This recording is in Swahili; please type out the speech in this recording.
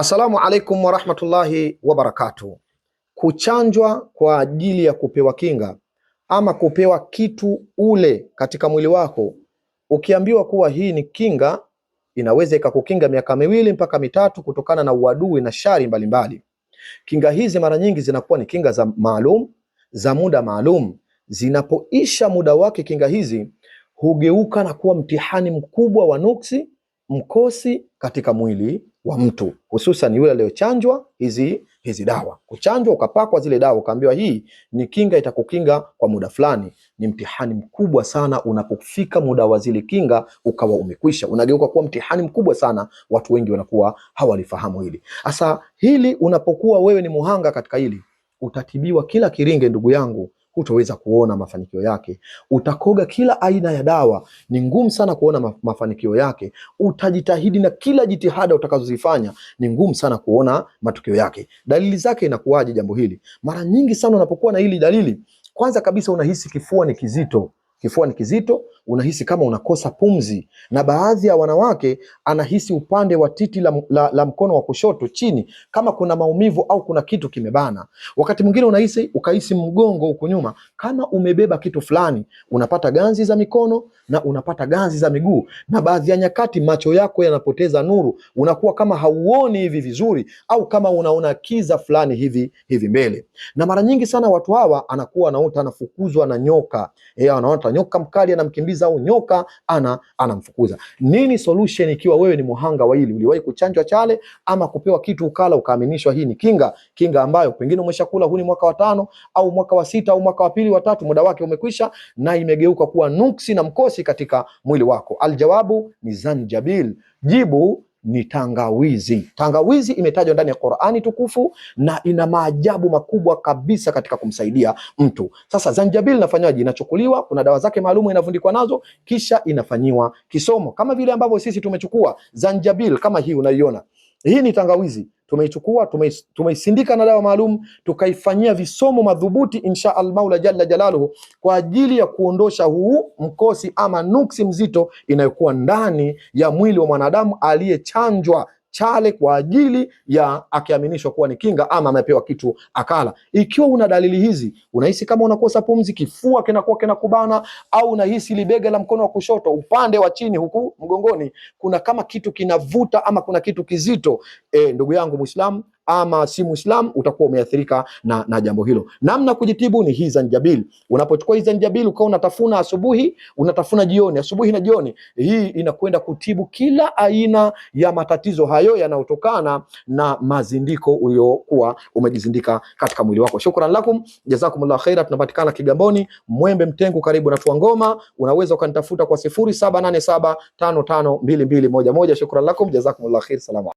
Assalamu alaikum warahmatullahi wabarakatu Kuchanjwa kwa ajili ya kupewa kinga ama kupewa kitu ule katika mwili wako, ukiambiwa kuwa hii ni kinga, inaweza ikakukinga miaka miwili mpaka mitatu kutokana na uadui na shari mbalimbali. Kinga hizi mara nyingi zinakuwa ni kinga za maalum za muda maalum. Zinapoisha muda wake, kinga hizi hugeuka na kuwa mtihani mkubwa wa nuksi mkosi katika mwili wa mtu, hususan yule aliyochanjwa hizi hizi dawa. Kuchanjwa ukapakwa zile dawa ukaambiwa hii ni kinga, itakukinga kwa muda fulani, ni mtihani mkubwa sana. Unapofika muda wa zile kinga ukawa umekwisha, unageuka kuwa mtihani mkubwa sana. Watu wengi wanakuwa hawalifahamu hili. Sasa hili unapokuwa wewe ni muhanga katika hili, utatibiwa kila kiringe, ndugu yangu hutoweza kuona mafanikio yake. Utakoga kila aina ya dawa, ni ngumu sana kuona mafanikio yake. Utajitahidi na kila jitihada utakazozifanya, ni ngumu sana kuona matokeo yake. Dalili zake inakuwaje jambo hili? Mara nyingi sana unapokuwa na hili dalili, kwanza kabisa unahisi kifua ni kizito kifua ni kizito, unahisi kama unakosa pumzi, na baadhi ya wanawake anahisi upande wa titi la, la, la mkono wa kushoto chini kama kuna maumivu au kuna kitu kimebana. Wakati mwingine unahisi ukahisi mgongo huku nyuma kama umebeba kitu fulani, unapata ganzi za mikono na unapata ganzi za miguu, na baadhi ya nyakati macho yako yanapoteza nuru, unakuwa kama hauoni hivi vizuri, au kama unaona kiza fulani hivi hivi mbele. Na mara nyingi sana watu hawa anakuwa anaota anafukuzwa na nyoka, yeye anaota anamfuata nyoka mkali, anamkimbiza au nyoka ana anamfukuza. Nini solution ikiwa wewe ni muhanga wa hili? Uliwahi kuchanjwa chale ama kupewa kitu ukala ukaaminishwa hii ni kinga, kinga ambayo pengine umeshakula huni mwaka wa tano au mwaka wa sita au mwaka wa pili wa tatu, muda wake umekwisha, na imegeuka kuwa nuksi na mkosi katika mwili wako. Aljawabu ni zanjabil, jibu ni tangawizi. Tangawizi imetajwa ndani ya Qur'ani tukufu na ina maajabu makubwa kabisa katika kumsaidia mtu. Sasa zanjabil inafanywaje? Inachukuliwa, kuna dawa zake maalum inavundikwa nazo, kisha inafanyiwa kisomo, kama vile ambavyo sisi tumechukua zanjabil kama hii unaiona. Hii ni tangawizi tumeichukua tumeisindika na dawa maalum tukaifanyia visomo madhubuti, insha almaula jalla jalaluhu, kwa ajili ya kuondosha huu mkosi ama nuksi mzito inayokuwa ndani ya mwili wa mwanadamu aliyechanjwa chale kwa ajili ya akiaminishwa kuwa ni kinga ama amepewa kitu akala. Ikiwa una dalili hizi, unahisi kama unakosa pumzi, kifua kinakuwa kinakubana, au unahisi libega la mkono wa kushoto upande wa chini huku mgongoni kuna kama kitu kinavuta ama kuna kitu kizito, e, ndugu yangu Muislamu ama si Muislam utakuwa umeathirika na, na jambo hilo. Namna kujitibu ni hii zanjabili. Unapochukua hii zanjabili ukawa unatafuna asubuhi, unatafuna jioni, asubuhi na jioni, hii inakwenda kutibu kila aina ya matatizo hayo yanayotokana na mazindiko uliokuwa umejizindika katika mwili wako. Shukran lakum jazakumullahu khaira. Tunapatikana Kigamboni, Mwembe Mtengu, karibu na ngoma Unaweza ukanitafuta kwa sifuri saba nane saba tano tano mbili mbili moja moja. Shukran lakum jazakumullahu khair. salama.